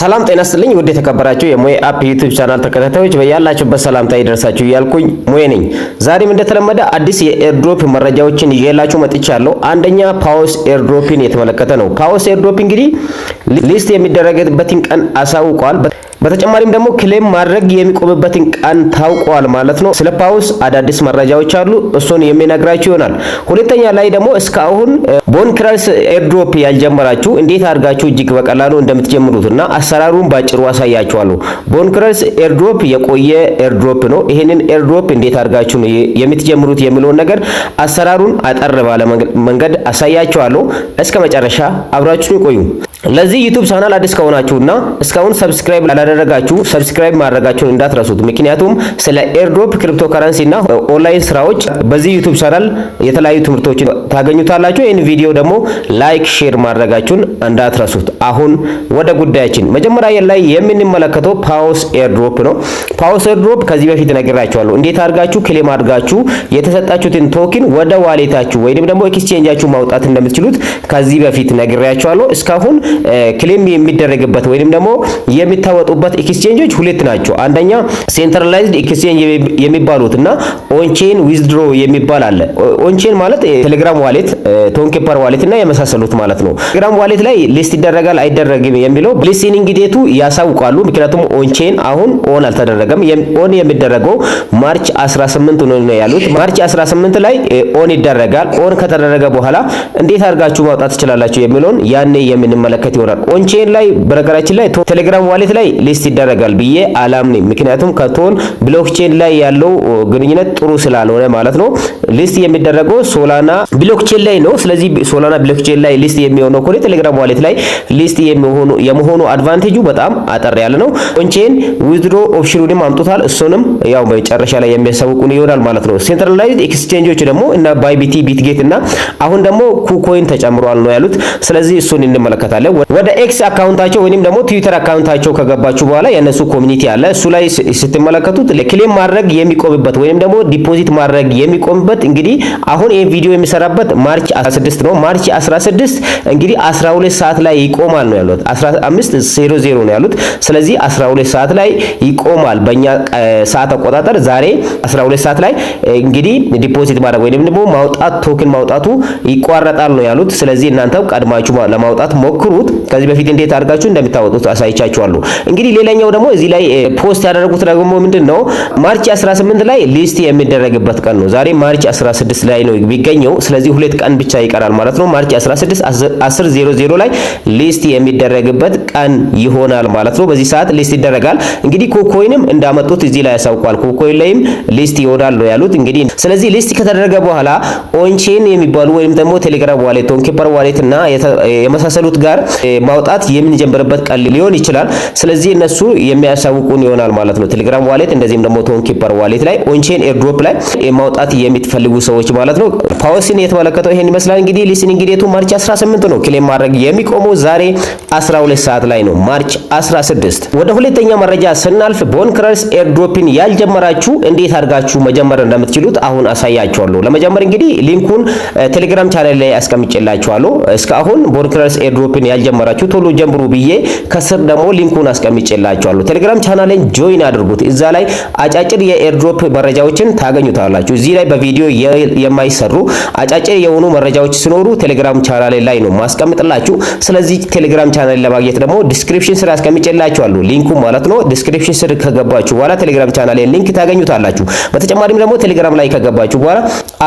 ሰላም ጤና ስጥልኝ። ውድ የተከበራችሁ የሙሄ አፕ ዩቲዩብ ቻናል ተከታታዮች በያላችሁበት ሰላምታ ይደርሳችሁ እያልኩኝ ሙሄ ነኝ። ዛሬም እንደተለመደ አዲስ የኤርድሮፕ መረጃዎችን ይዤላችሁ መጥቻለሁ። አንደኛ ፓውስ ኤርድሮፕን የተመለከተ ነው። ፓውስ ኤርድሮፕ እንግዲህ ሊስት የሚደረግበትን ቀን አሳውቋል። በተጨማሪም ደግሞ ክሌም ማድረግ የሚቆምበትን ቀን ታውቋል ማለት ነው። ስለ ፓውስ አዳዲስ መረጃዎች አሉ፣ እሱን የሚነግራችሁ ይሆናል። ሁለተኛ ላይ ደግሞ እስካሁን ቦንክረስ ኤርድሮፕ ያልጀመራችሁ እንዴት አድርጋችሁ እጅግ በቀላሉ እንደምትጀምሩት እና አሰራሩን ባጭሩ አሳያችኋለሁ። ቦንክረስ ኤርድሮፕ የቆየ ኤርድሮፕ ነው። ይህንን ኤርድሮፕ እንዴት አድርጋችሁ የምትጀምሩት የሚለውን ነገር አሰራሩን አጠር ባለ መንገድ አሳያችኋለሁ። እስከ መጨረሻ አብራችሁ ይቆዩ። ለዚህ ዩቱብ ቻናል አዲስ ከሆናችሁና እስካሁን ሰብስክራይብ ካደረጋችሁ ሰብስክራይብ ማድረጋችሁን እንዳትረሱት። ምክንያቱም ስለ ኤርድሮፕ ክሪፕቶ ከረንሲ እና ኦንላይን ስራዎች በዚህ ዩቱብ ቻናል የተለያዩ ትምህርቶችን ታገኙታላችሁ። ይህን ቪዲዮ ደግሞ ላይክ፣ ሼር ማድረጋችሁን እንዳትረሱት። አሁን ወደ ጉዳያችን መጀመሪያ ላይ የምንመለከተው ፓውስ ኤርድሮፕ ነው። ፓውስ ኤርድሮፕ ከዚህ በፊት ነግራችኋለሁ። እንዴት አድርጋችሁ ክሌም አድርጋችሁ የተሰጣችሁትን ቶኪን ወደ ዋሌታችሁ ወይም ደግሞ ኤክስቼንጃችሁ ማውጣት እንደምትችሉት ከዚህ በፊት ነግራችኋለሁ። እስካሁን ክሌም የሚደረግበት ወይም ደግሞ የሚታወጡ የሚጠቀሙበት ኤክስቼንጆች ሁለት ናቸው። አንደኛ ሴንትራላይዝድ ኤክስቼንጅ የሚባሉት እና ኦንቼን ዊዝድሮ የሚባል አለ። ኦንቼን ማለት ቴሌግራም ዋሌት፣ ቶንኬፐር ዋሌት እና የመሳሰሉት ማለት ነው። ቴሌግራም ዋሌት ላይ ሊስት ይደረጋል አይደረግም የሚለው ሊስኒንግ ዴቱ ያሳውቃሉ። ምክንያቱም ኦንቼን አሁን ኦን አልተደረገም። ኦን የሚደረገው ማርች 18 ነው ያሉት። ማርች 18 ላይ ኦን ይደረጋል። ኦን ከተደረገ በኋላ እንዴት አድርጋችሁ ማውጣት ትችላላችሁ የሚለውን ያኔ የምንመለከት ይሆናል። ኦንቼን ላይ በነገራችን ላይ ቴሌግራም ዋሌት ላይ ሊስት ይደረጋል ብዬ አላምንም። ምክንያቱም ከቶን ብሎክቼን ላይ ያለው ግንኙነት ጥሩ ስላልሆነ ማለት ነው። ሊስት የሚደረገው ሶላና ብሎክቼን ላይ ነው። ስለዚህ ሶላና ብሎክቼን ላይ ሊስት የሚሆነው ከሆነ ቴሌግራም ዋሌት ላይ ሊስት የሚሆኑ የመሆኑ አድቫንቴጁ በጣም አጠር ያለ ነው። ኦንቼን ዊዝድሮ ኦፕሽኑንም አምጥቷል። እሱንም ያው መጨረሻ ላይ የሚያሳውቁን ይሆናል ማለት ነው። ሴንትራላይዝድ ኤክስቼንጆች ደግሞ እና ባይቢቲ፣ ቢትጌት እና አሁን ደግሞ ኩኮይን ተጨምሯል ነው ያሉት። ስለዚህ እሱን እንመለከታለን። ወደ ኤክስ አካውንታቸው ወይንም ደግሞ ትዊተር አካውንታቸው ከገባችሁ ከገባችሁ በኋላ የእነሱ ኮሚኒቲ አለ። እሱ ላይ ስትመለከቱት ክሌም ማድረግ የሚቆምበት ወይም ደግሞ ዲፖዚት ማድረግ የሚቆምበት እንግዲህ አሁን ይህ ቪዲዮ የሚሰራበት ማርች 16 ነው። ማርች 16 እንግዲህ 12 ሰዓት ላይ ይቆማል ነው ያሉት። 15:00 ነው ያሉት። ስለዚህ 12 ሰዓት ላይ ይቆማል በእኛ ሰዓት አቆጣጠር ዛሬ 12 ሰዓት ላይ እንግዲህ ዲፖዚት ማድረግ ወይም ደግሞ ማውጣት ቶክን ማውጣቱ ይቋረጣል ነው ያሉት። ስለዚህ እናንተ ቀድማችሁ ለማውጣት ሞክሩት። ከዚህ በፊት እንዴት አድርጋችሁ እንደምታወጡት አሳይቻችኋለሁ። እንግዲህ እንግዲህ ሌላኛው ደግሞ እዚህ ላይ ፖስት ያደረጉት ደግሞ ምንድን ነው ማርች 18 ላይ ሊስት የሚደረግበት ቀን ነው። ዛሬ ማርች 16 ላይ ነው የሚገኘው። ስለዚህ ሁለት ቀን ብቻ ይቀራል ማለት ነው። ማርች 16 10:00 ላይ ሊስት የሚደረግበት ቀን ይሆናል ማለት ነው። በዚህ ሰዓት ሊስት ይደረጋል። እንግዲህ ኮኮይንም እንዳመጡት እዚህ ላይ ያሳውቋል። ኮኮይ ላይም ሊስት ይወዳል ነው ያሉት። እንግዲህ ስለዚህ ሊስት ከተደረገ በኋላ ኦንቼን የሚባሉ ወይም ደግሞ ቴሌግራም ዋሌት፣ ቶንኪፐር ዋሌት እና የመሳሰሉት ጋር ማውጣት የምንጀምርበት ቀን ሊሆን ይችላል። ስለዚህ እነሱ የሚያሳውቁን ይሆናል ማለት ነው። ቴሌግራም ዋሌት እንደዚህም ደግሞ ቶን ኪፐር ዋሌት ላይ ኦንቼን ኤርድሮፕ ላይ ማውጣት የሚትፈልጉ ሰዎች ማለት ነው። ፓወሲን የተመለከተው ይሄን ይመስላል። እንግዲህ ሊስኒንግ ዴቱ ማርች 18 ነው። ክሌም ማድረግ የሚቆመው ዛሬ 12 ሰዓት ላይ ነው፣ ማርች 16። ወደ ሁለተኛ መረጃ ስናልፍ ቦንክረርስ ኤርድሮፕን ያልጀመራችሁ እንዴት አድርጋችሁ መጀመር እንደምትችሉት አሁን አሳያችኋለሁ። ለመጀመር እንግዲህ ሊንኩን ቴሌግራም ቻናል ላይ አስቀምጬላችኋለሁ። እስካሁን ቦንክረርስ ኤርድሮፕን ያልጀመራችሁ ቶሎ ጀምሩ ብዬ ከስር ደግሞ ሊንኩን አስቀምጬ አስቀምጬላችኋለሁ። ቴሌግራም ቻናሌን ጆይን አድርጉት። እዛ ላይ አጫጭር የኤርድሮፕ መረጃዎችን ታገኙታላችሁ። እዚህ ላይ በቪዲዮ የማይሰሩ አጫጭር የሆኑ መረጃዎች ሲኖሩ ቴሌግራም ቻናሌ ላይ ነው ማስቀምጥላችሁ። ስለዚህ ቴሌግራም ቻናሌን ለማግኘት ደግሞ ዲስክሪፕሽን ስር አስቀምጬላችኋለሁ ሊንኩ ማለት ነው። ዲስክሪፕሽን ስር ከገባችሁ በኋላ ቴሌግራም ቻናሌን ሊንክ ታገኙታላችሁ። በተጨማሪም ደግሞ ቴሌግራም ላይ ከገባችሁ በኋላ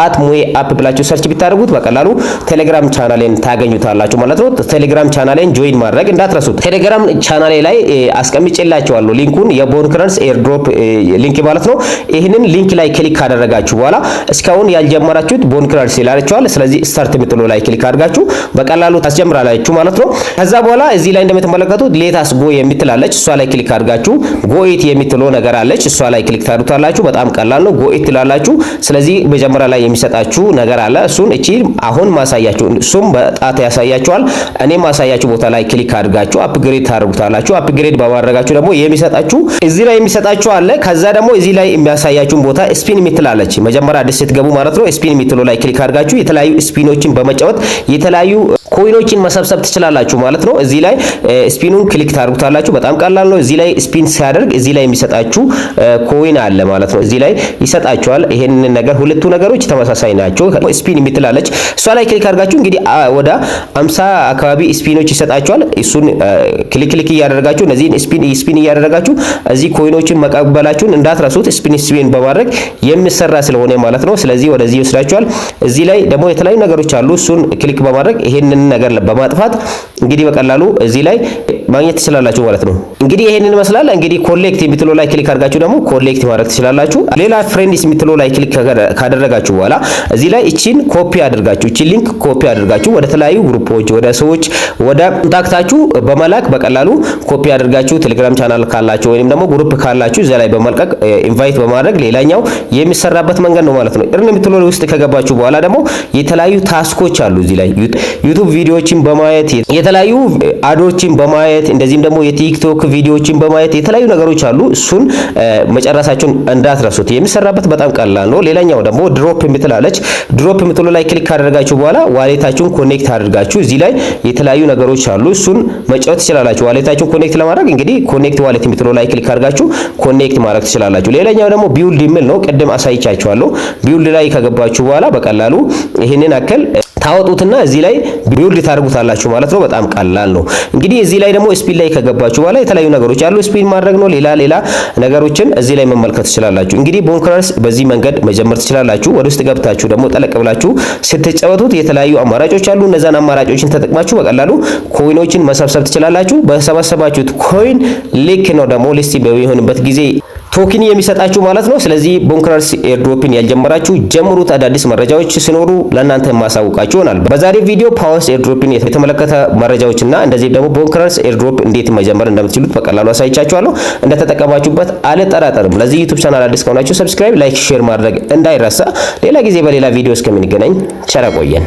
አት ሙሄ አፕ ብላችሁ ሰርች ብታደርጉት በቀላሉ ቴሌግራም ቻናሌን ታገኙታላችሁ ማለት ነው። ቴሌግራም ቻናሌን ጆይን ማድረግ እንዳትረሱት። ቴሌግራም ቻናሌ ላይ አስቀምጬላችኋለሁ። ሊንኩን የቦን ክረንስ ኤርድሮፕ ሊንክ ማለት ነው። ይህንን ሊንክ ላይ ክሊክ ካደረጋችሁ በኋላ እስካሁን ያልጀመራችሁት ቦን ክረንስ ይላችኋል። ስለዚህ ስታርት የምትለው ላይ ክሊክ አድርጋችሁ በቀላሉ ታስጀምራላችሁ ማለት ነው። ከዛ በኋላ እዚህ ላይ እንደምትመለከቱት ሌታስ ጎ የምትላለች እሷ ላይ ክሊክ አድርጋችሁ ጎኢት የምትለው ነገር አለች። እሷ ላይ ክሊክ ታደርጉታላችሁ። በጣም ቀላል ነው። ጎኢት ትላላችሁ። ስለዚህ መጀመሪያ ላይ የሚሰጣችሁ ነገር አለ። እሱን እቺ አሁን ማሳያችሁ እሱም በጣት ያሳያችኋል። እኔ ማሳያችሁ ቦታ ላይ ክሊክ አድርጋችሁ አፕግሬድ ታደርጉታላችሁ። አፕግሬድ ካላባረጋችሁ ደግሞ የሚሰጣችሁ እዚህ ላይ የሚሰጣችሁ አለ። ከዛ ደግሞ እዚህ ላይ የሚያሳያችሁን ቦታ ስፒን የምትላለች መጀመሪያ አዲስ ስትገቡ ማለት ነው። ስፒን የምትለው ላይ ክሊክ አድርጋችሁ የተለያዩ ስፒኖችን በመጫወት የተለያዩ ኮይኖችን መሰብሰብ ትችላላችሁ ማለት ነው። እዚህ ላይ ስፒኑን ክሊክ ታርጉታላችሁ። በጣም ቀላል ነው። እዚህ ላይ ስፒን ሲያደርግ እዚህ ላይ የሚሰጣችሁ ኮይን አለ ማለት ነው። እዚህ ላይ ይሰጣችኋል። ይሄን ነገር ሁለቱ ነገሮች ተመሳሳይ ናቸው። ስፒን የምትላለች እሷ ላይ ክሊክ አድርጋችሁ እንግዲህ ወደ አምሳ አካባቢ ስፒኖች ይሰጣችኋል። እሱን ክሊክ ክሊክ እያደረጋችሁ እነዚህን ስፒን ስፒን እያደረጋችሁ እዚህ ኮይኖችን መቀበላችሁን እንዳትረሱት። ስፒን ስፒን በማድረግ የሚሰራ ስለሆነ ማለት ነው። ስለዚህ ወደዚህ ይወስዳችኋል። እዚህ ላይ ደግሞ የተለያዩ ነገሮች አሉ። እሱን ክሊክ በማድረግ ይሄንን ይህንን ነገር በማጥፋት እንግዲህ በቀላሉ እዚህ ላይ ማግኘት ትችላላችሁ ማለት ነው። እንግዲህ ይሄንን ይመስላል። እንግዲህ ኮሌክት የምትለው ላይ ክሊክ አድርጋችሁ ደግሞ ኮሌክት ማድረግ ትችላላችሁ። ሌላ ፍሬንድስ የምትለው ላይ ክሊክ ካደረጋችሁ በኋላ እዚህ ላይ እቺን ኮፒ አድርጋችሁ እቺን ሊንክ ኮፒ አድርጋችሁ ወደ ተለያዩ ግሩፖች፣ ወደ ሰዎች፣ ወደ ኮንታክታችሁ በመላክ በቀላሉ ኮፒ አድርጋችሁ ቴሌግራም ቻናል ካላችሁ ወይንም ደግሞ ግሩፕ ካላችሁ እዛ ላይ በመልቀቅ ኢንቫይት በማድረግ ሌላኛው የሚሰራበት መንገድ ነው ማለት ነው። እርን የምትለው ውስጥ ከገባችሁ በኋላ ደግሞ የተለያዩ ታስኮች አሉ እዚህ ላይ ዩቲዩብ ቪዲዮዎችን በማየት የተለያዩ አዶችን በማየት እንደዚህም ደግሞ የቲክቶክ ቪዲዮዎችን በማየት የተለያዩ ነገሮች አሉ። እሱን መጨረሳችሁን እንዳትረሱት። የሚሰራበት በጣም ቀላል ነው። ሌላኛው ደግሞ ድሮፕ የምትላለች ድሮፕ የምትሉ ላይ ክሊክ ካደረጋችሁ በኋላ ዋሌታችሁን ኮኔክት አድርጋችሁ እዚህ ላይ የተለያዩ ነገሮች አሉ። እሱን መጫወት ትችላላችሁ። ዋሌታችሁን ኮኔክት ለማድረግ እንግዲህ ኮኔክት ዋሌት የምትሉ ላይ ክሊክ አድርጋችሁ ኮኔክት ማድረግ ትችላላችሁ። ሌላኛው ደግሞ ቢውልድ የሚል ነው። ቅድም አሳይቻችኋለሁ። ቢውልድ ላይ ከገባችሁ በኋላ በቀላሉ ይህንን አከል ታወጡትና እዚህ ላይ ቢውልድ ታደርጉታላችሁ ማለት ነው። በጣም ቀላል ነው። እንግዲህ እዚህ ላይ ደግሞ ስፒን ላይ ከገባችሁ በኋላ የተለያዩ ነገሮች አሉ። ስፒን ማድረግ ነው፣ ሌላ ሌላ ነገሮችን እዚህ ላይ መመልከት ትችላላችሁ። እንግዲህ ቦንክረርስ በዚህ መንገድ መጀመር ትችላላችሁ። ወደ ውስጥ ገብታችሁ ደግሞ ጠለቅ ብላችሁ ስትጨበጡት የተለያዩ አማራጮች አሉ። እነዛን አማራጮችን ተጠቅማችሁ በቀላሉ ኮይኖችን መሰብሰብ ትችላላችሁ። በሰበሰባችሁት ኮይን ልክ ነው ደግሞ ሊስቲ በሚሆንበት ጊዜ ቶኪን የሚሰጣችሁ ማለት ነው። ስለዚህ ቦንክራርስ ኤርድሮፕን ያልጀመራችሁ ጀምሩት። አዳዲስ መረጃዎች ሲኖሩ ለእናንተ ማሳውቃችሁ ይሆናል። በዛሬ ቪዲዮ ፓወርስ ኤርድሮፕን የተመለከተ እና እንደዚህ ደግሞ ቦንክራርስ ኤርድሮፕ እንዴት መጀመር እንደምትችሉት በቀላሉ አሳይቻችኋለሁ። እንደተጠቀማችሁበት አልጠራጠርም። ለዚህ ዩቲዩብ ቻናል አዲስ ከሆናችሁ ሰብስክራይብ፣ ላይክ፣ ሼር ማድረግ እንዳይረሳ። ሌላ ጊዜ በሌላ ቪዲዮ እስከምንገናኝ ቸር ቆየን።